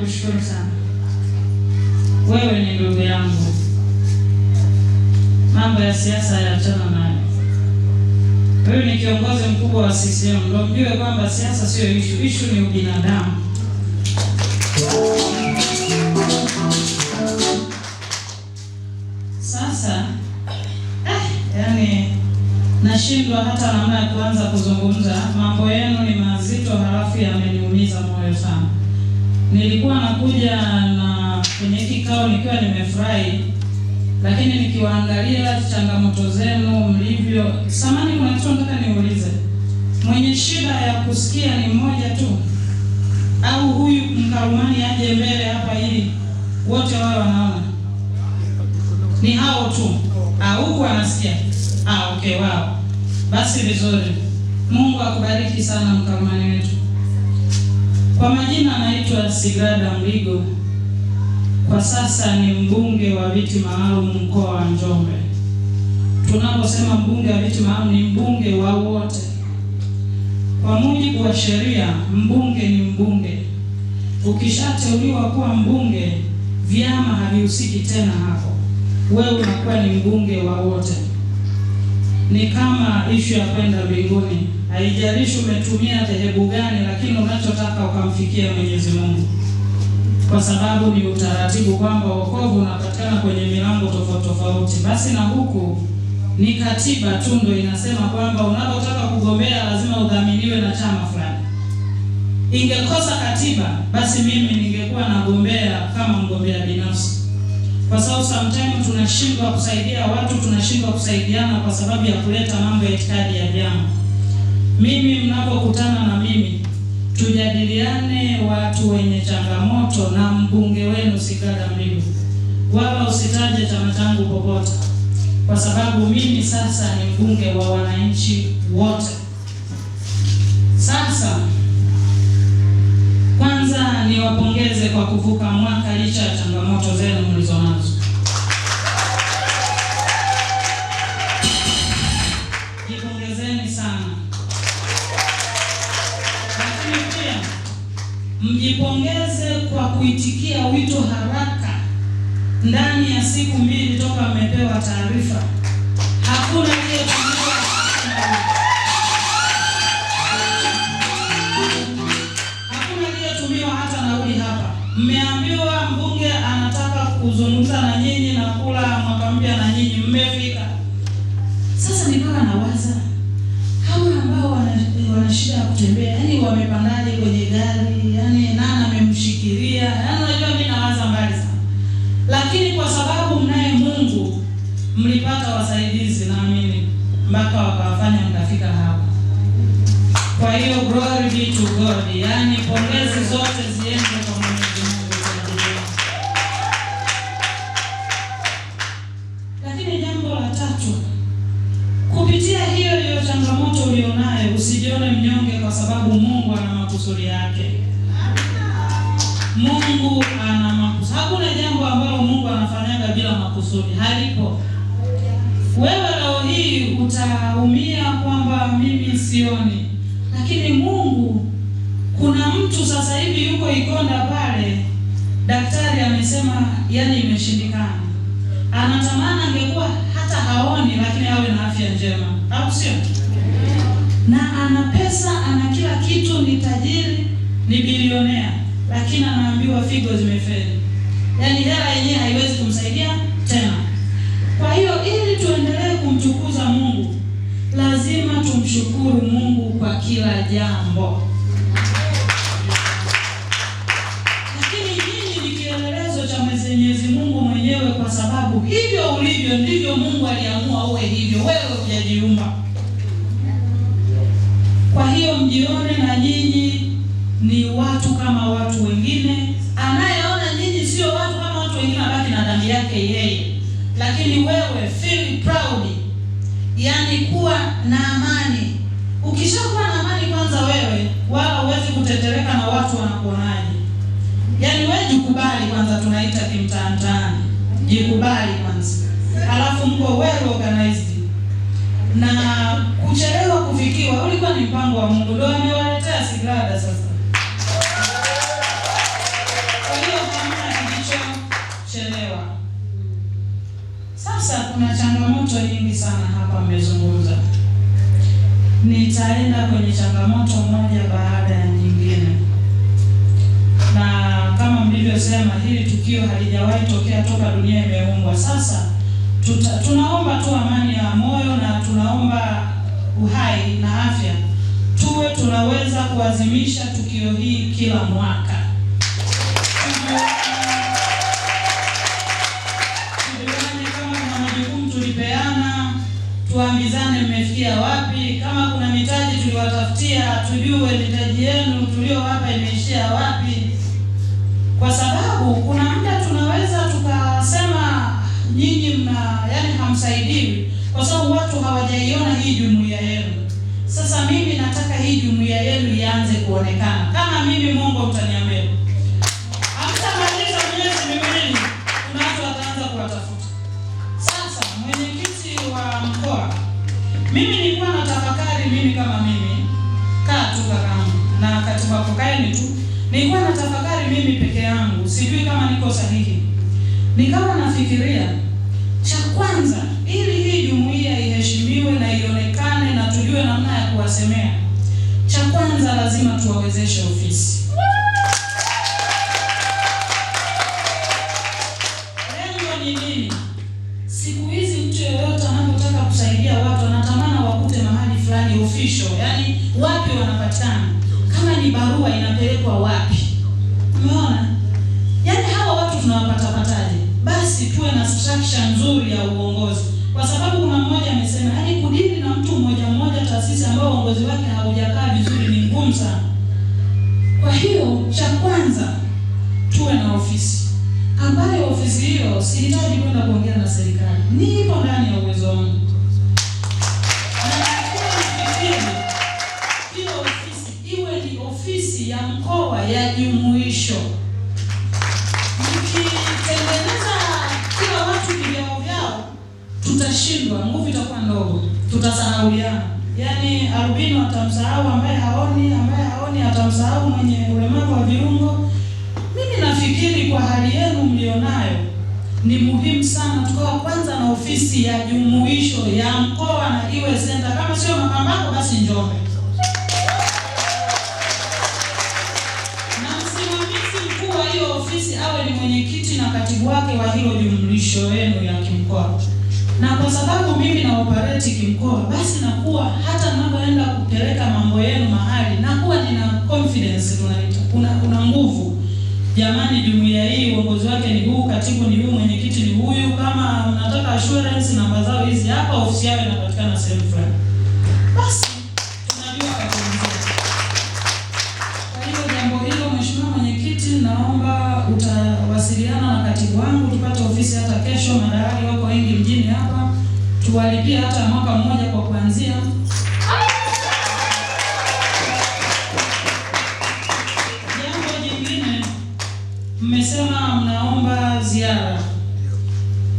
nakushukuru sana. Wewe ni ndugu yangu, mambo ya siasa yachana nayo. Wewe ni kiongozi mkubwa wa CCM, ndio mjue kwamba siasa sio ishu, ishu ni ubinadamu. Sasa eh, yani nashindwa hata namna ya kuanza kuzungumza. Mambo yenu ni mazito, halafu yameniumiza moyo sana nilikuwa nakuja na kwenye kikao nikiwa nimefurahi, lakini nikiwaangalia changamoto zenu mlivyo samani, kuna kitu nataka niulize. Mwenye shida ya kusikia ni mmoja tu au huyu mkarumani aje mbele hapa ili wote wao wanaona? Ni hao tu ah, huku anasikia? Ah, okay, wao basi vizuri. Mungu akubariki sana mkarumani wetu. Kwa majina anaitwa Sigrada Mligo, kwa sasa ni mbunge wa viti maalum mkoa wa Njombe. Tunaposema mbunge wa viti maalum ni mbunge wa wote. Kwa mujibu wa sheria, mbunge ni mbunge. Ukishateuliwa kuwa mbunge, vyama havihusiki tena hapo, wewe unakuwa ni mbunge wa wote. Ni kama ishu ya kwenda mbinguni haijalishi umetumia dhehebu gani, lakini unachotaka ukamfikia Mwenyezi Mungu, kwa sababu ni utaratibu kwamba wokovu unapatikana kwenye milango tofauti tofauti. Basi na huku ni katiba tu ndio inasema kwamba unapotaka kugombea lazima udhaminiwe na chama fulani. Ingekosa katiba, basi mimi ningekuwa nagombea kama mgombea binafsi, kwa sababu sometimes tunashindwa kusaidia watu, tunashindwa kusaidiana kwa sababu ya kuleta mambo ya itikadi ya vyama mimi mnapokutana na mimi, tujadiliane watu wenye changamoto na mbunge wenu sikata mlimu wala usitaje chama changu popote, kwa sababu mimi sasa ni mbunge wa wananchi wote. Sasa kwanza niwapongeze kwa kuvuka mwaka licha ya changamoto zenu mlizonazo. mjipongeze kwa kuitikia wito haraka ndani ya siku mbili toka mmepewa taarifa. Hakuna aliyepungua. Hakuna aliyetumiwa hata nauli hapa. Mmeambiwa mbunge anataka kuzungumza na nyinyi na kula mwaka mpya na nyinyi, mmefika. Sasa nikawa nawaza hawa ambao wana shida ya kutembea, yani wamepandaje kwenye gari yani kufikiria, yaani unajua mimi nawaza mbali sana, lakini kwa sababu mnaye Mungu mlipata wasaidizi, mimi mpaka wakawafanya mkafika hapa. Kwa hiyo glory be to God, yaani pongezi zote ziende kwa Mwenyezi Mungu. Lakini jambo la tatu, kupitia hiyo hiyo changamoto ulionayo, usijione mnyonge, kwa sababu Mungu ana makusudi yake. Mungu ana makusudi. Hakuna jambo ambalo Mungu anafanyaga bila makusudi, halipo. Wewe leo hii utaumia kwamba mimi sioni, lakini Mungu, kuna mtu sasa hivi yuko Ikonda pale, daktari amesema yani imeshindikana, anatamani angekuwa hata haoni, lakini awe na afya njema, au sio? Na ana pesa, ana kila kitu, ni tajiri, ni bilionea lakini anaambiwa figo zimefeli, yaani hela yenyewe haiwezi kumsaidia tena. Kwa hiyo ili tuendelee kumtukuza Mungu, lazima tumshukuru Mungu kwa kila jambo. yake yeye, lakini wewe feel proud, yani kuwa na amani. Ukishakuwa na amani kwanza, wewe wala huwezi kutetereka na watu wanakuonaje. Yani wewe jikubali kwanza, tunaita kimtaamtaani, jikubali kwanza, alafu mko well organized. Na kuchelewa kufikiwa ulikuwa ni mpango wa Mungu, ndio amewaletea sigrada sasa Sasa kuna changamoto nyingi sana hapa mmezungumza, nitaenda kwenye changamoto moja baada ya nyingine, na kama mlivyosema, hili tukio halijawahi tokea toka dunia imeumbwa. Sasa tuta, tunaomba tu amani ya moyo na tunaomba uhai na afya, tuwe tunaweza kuadhimisha tukio hii kila mwaka tuambizane mmefikia wapi, kama kuna mitaji tuliwatafutia, tujue mitaji yenu tuliyowapa imeishia wapi, kwa sababu kuna muda tunaweza tukasema nyinyi mna yani hamsaidiwi, kwa sababu watu hawajaiona hii jumuiya yenu. Sasa mimi nataka hii jumuiya yenu ianze kuonekana. Kama mimi Mungu mtaniambia Yaani mimi kama mimi kaa tu kakaangu na katiba kukaeni tu. Nilikuwa na tafakari mimi peke yangu, sijui kama niko sahihi. Nikawa nafikiria cha kwanza, ili hii jumuiya iheshimiwe na ionekane na tujue namna ya kuwasemea, cha kwanza lazima tuwawezeshe ofisi nzuri ya uongozi, kwa sababu kuna mmoja amesema, yaani kudili na mtu mmoja mmoja taasisi ambayo uongozi wake haujakaa vizuri ni ngumu sana. Kwa hiyo cha kwanza tuwe na ofisi ambayo ofisi hiyo sihitaji kwenda kuongea na serikali, nipo ndani ya uwezo wangu tutasahauliana. Yaani albino atamsahau ambaye haoni, ambaye haoni atamsahau mwenye ulemavu wa viungo. Mimi nafikiri kwa hali yenu mlionayo ni muhimu sana tukawa kwanza na ofisi ya jumuisho ya mkoa na iwe senta, kama sio Makambako basi Njombe, na msimamizi mkuu wa hiyo ofisi awe ni mwenyekiti na katibu wake wa hilo jumuisho yenu ya kimkoa na kwa sababu mimi na operate kimkoa, basi nakuwa hata ninapoenda kupeleka mambo yenu mahali nakuwa nina confidence, tunaita kuna kuna nguvu. Jamani, jumuiya hii uongozi wake ni huu, katibu ni huu, mwenyekiti ni huyu. Kama mnataka assurance, namba zao hizi hapa, ofisi yao inapatikana sehemu fulani. kuwalipia hata mwaka mmoja kwa kuanzia. Jambo jingine, mmesema mnaomba ziara,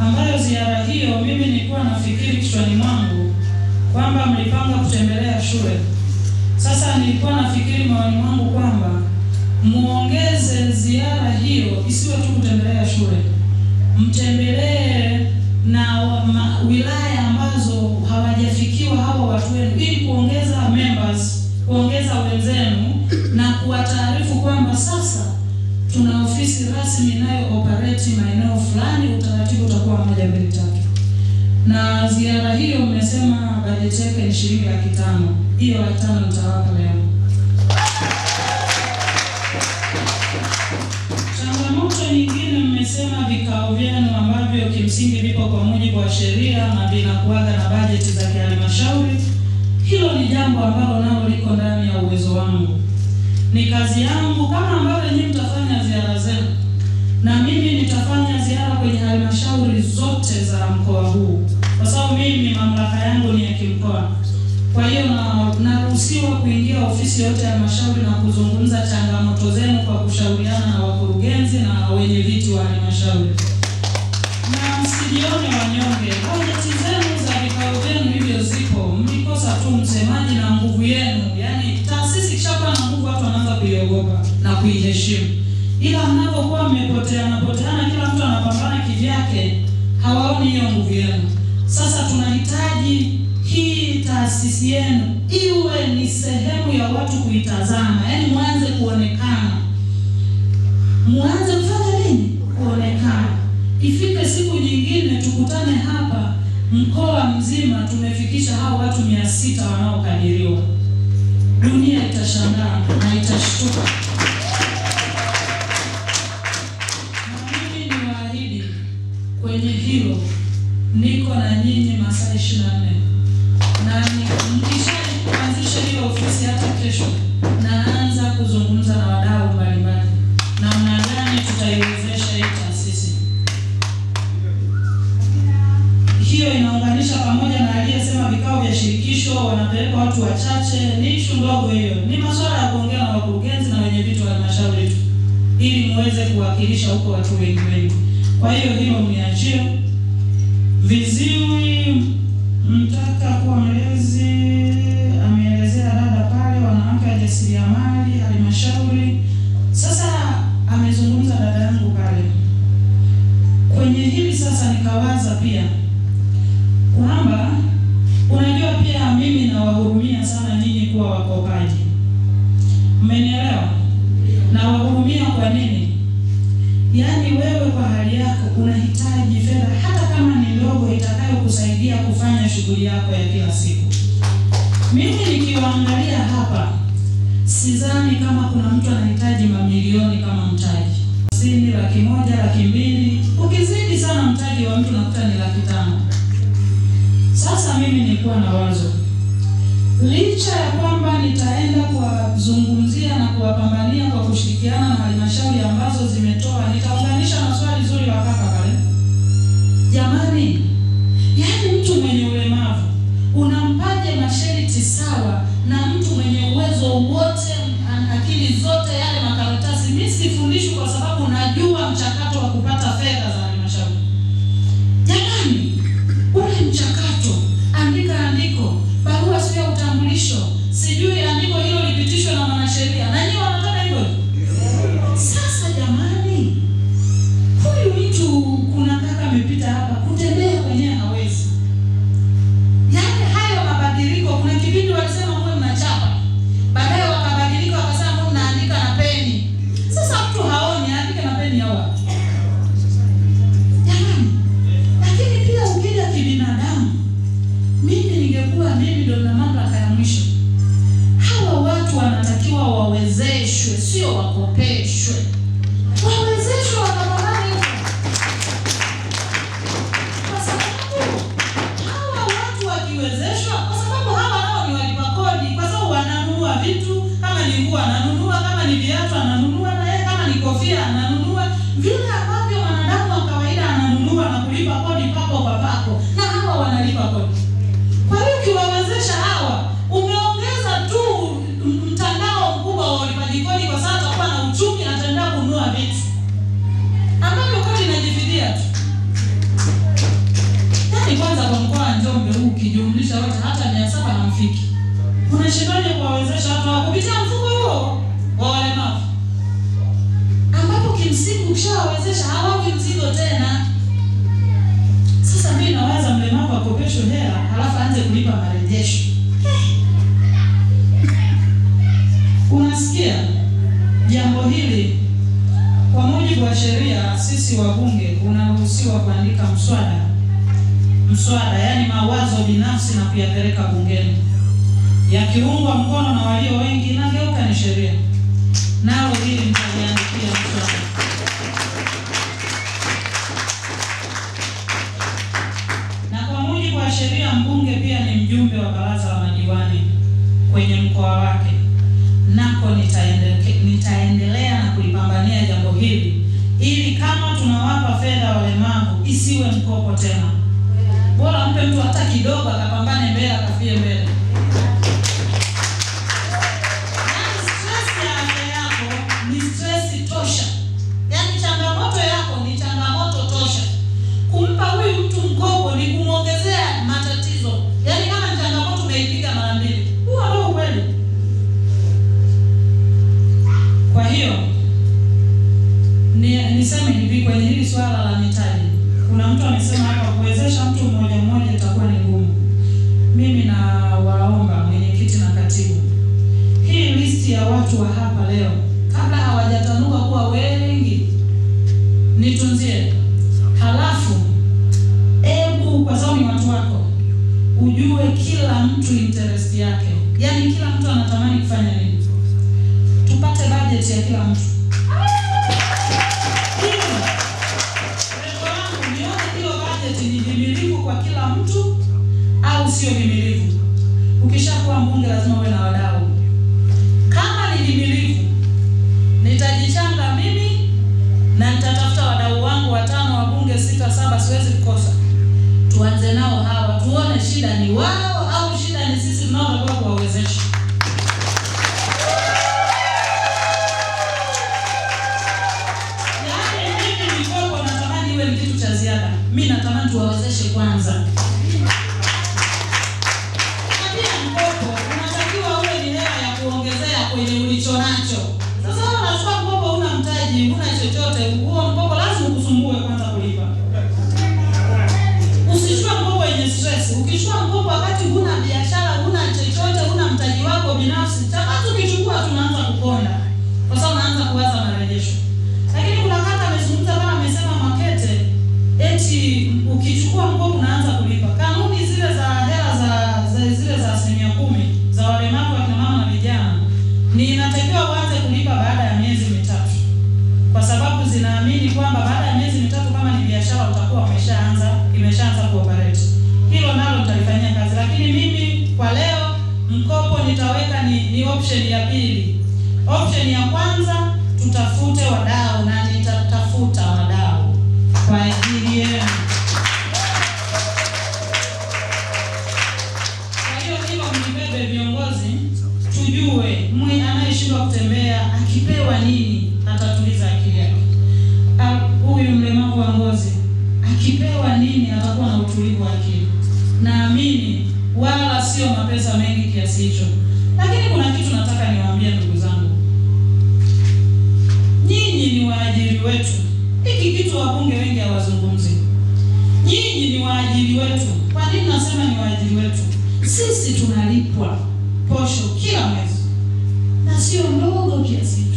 ambayo ziara hiyo mimi nilikuwa nafikiri kichwani mwangu kwamba mlipanga kutembelea shule. Sasa nilikuwa nafikiri maoni mwangu kwamba muongeze ziara hiyo isiwe tu kutembelea shule, mtembelee na wilaya ambazo hawajafikiwa hawa watu wenu, ili kuongeza members, kuongeza wenzenu na kuwataarifu kwamba sasa tuna ofisi rasmi inayo operate maeneo fulani, utaratibu utakuwa moja mbili tatu. Na ziara hiyo umesema bajeti yake ni shilingi laki tano. Hiyo laki tano nitawapa leo. Changamoto amesema vikao vyenu ambavyo kimsingi vipo kwa mujibu wa sheria na vinakuaga na bajeti za kihalmashauri, hilo ni jambo ambalo nalo liko ndani ya uwezo wangu. Ni kazi yangu kama ambavyo nyinyi mtafanya ziara zenu, na mimi nitafanya ziara kwenye halmashauri zote za mkoa huu, kwa sababu mimi mamlaka yangu ni ya kimkoa. Kwa hiyo mnaruhusiwa kuingia ofisi yote ya halmashauri na kuzungumza changamoto zenu kwa kushauriana na wakurugenzi na wenye viti wa halmashauri, na msijione wanyonge. Bajeti zenu za vikao vyenu hivyo zipo, mlikosa tu msemaji na nguvu yenu. Yaani taasisi ikishakuwa na nguvu, watu wanaanza kuiogopa na kuiheshimu, ila mnapokuwa mmepoteana poteana, kila mtu anapambana kivyake, hawaoni hiyo nguvu yenu. Sasa tunahitaji hii taasisi yenu iwe ni sehemu ya watu kuitazama, yaani mwanze kuonekana, mwanze kufanya nini, kuonekana. Ifike siku nyingine tukutane hapa, mkoa mzima tumefikisha hao watu mia sita wanaokadiriwa. Dunia itashangaa na itashtuka. inaunganisha pamoja na aliyesema vikao vya shirikisho wanapeleka watu wachache. Ni ishu ndogo hiyo, ni masuala ya kuongea na wakurugenzi na wenye vitu wa halmashauri tu, ili muweze kuwakilisha huko watu wengi wengi. Kwa hiyo hilo mniachie. Viziwi mtaka kuwa mlezi ameelezea dada pale, wanawake wajasiriamali halmashauri. Sasa amezungumza dada yangu pale kwenye hili, sasa nikawaza pia kwamba unajua, pia mimi nawahurumia sana nyinyi kuwa wakopaji, mmenielewa? Nawahurumia kwa nini? Yaani wewe kwa hali yako unahitaji fedha hata kama ni ndogo itakayokusaidia kufanya shughuli yako ya kila siku. Mimi nikiwaangalia hapa, sidhani kama kuna mtu anahitaji mamilioni kama mtaji sini, laki moja, laki mbili, ukizidi sana mtaji wa mtu nakuta ni laki tano. Sasa mimi nilikuwa na wazo, licha ya kwamba nitaenda kuwazungumzia na kuwapambania kwa kushirikiana na halmashauri ambazo zimetoa, nitaunganisha na swali zuri la kaka pale, jamani alikuwa ananunua kuyapeleka bungeni, yakiungwa mkono na walio wengi, inageuka ni sheria, nalo hili mtaliandikia mswada. Na kwa mujibu wa sheria, mbunge pia ni mjumbe wa baraza la madiwani kwenye mkoa wake, nako nitaendelea na kulipambania jambo hili, ili kama tunawapa fedha walemavu isiwe mkopo tena Bora mpe mtu hata kidogo akapambane mbele akafie mbele. Yaani yako ni stress tosha. Yaani changamoto yako ni changamoto tosha. Kumpa huyu mtu mkopo ni kumwongezea watu wa hapa leo, kabla hawajatanuka kuwa wengi, nitunzie. Halafu ebu, kwa sababu ni watu wako, ujue kila mtu interest yake, yaani kila mtu anatamani kufanya nini. Tupate budget ya kila mtu kwa kila mtu au sio vimilivu? Ukishakuwa mbunge lazima uwe na wadau. shida ni wao au shida ni sisi tunaotakiwa kuwawezesha? Yaani mimi nilikuwa natamani iwe ni kitu cha ziada, mi natamani tuwawezeshe kwanza. ili kwamba baada ya miezi mitatu kama ni biashara utakuwa umeshaanza imeshaanza kuoperate. Hilo nalo mtalifanyia kazi, lakini mimi kwa leo mkopo nitaweka ni, ni option ya pili. Option ya kwanza tutafute wadau na nitatafuta wadau kwa ajili yenu. Kwa hiyo viongozi, tujue mwi anayeshindwa kutembea akipewa nini atatuliza akili yake. Ah, huyu mlemavu wa ngozi akipewa nini atakuwa na utulivu wa akili, naamini wala sio mapesa mengi kiasi hicho. Lakini kuna kitu nataka niwaambie ndugu zangu, nyinyi ni waajiri wetu. Hiki kitu wabunge wengi hawazungumzi. Nyinyi ni waajiri wetu. Kwa nini nasema ni waajiri wetu? Sisi tunalipwa posho kila mwezi na sio ndogo kiasi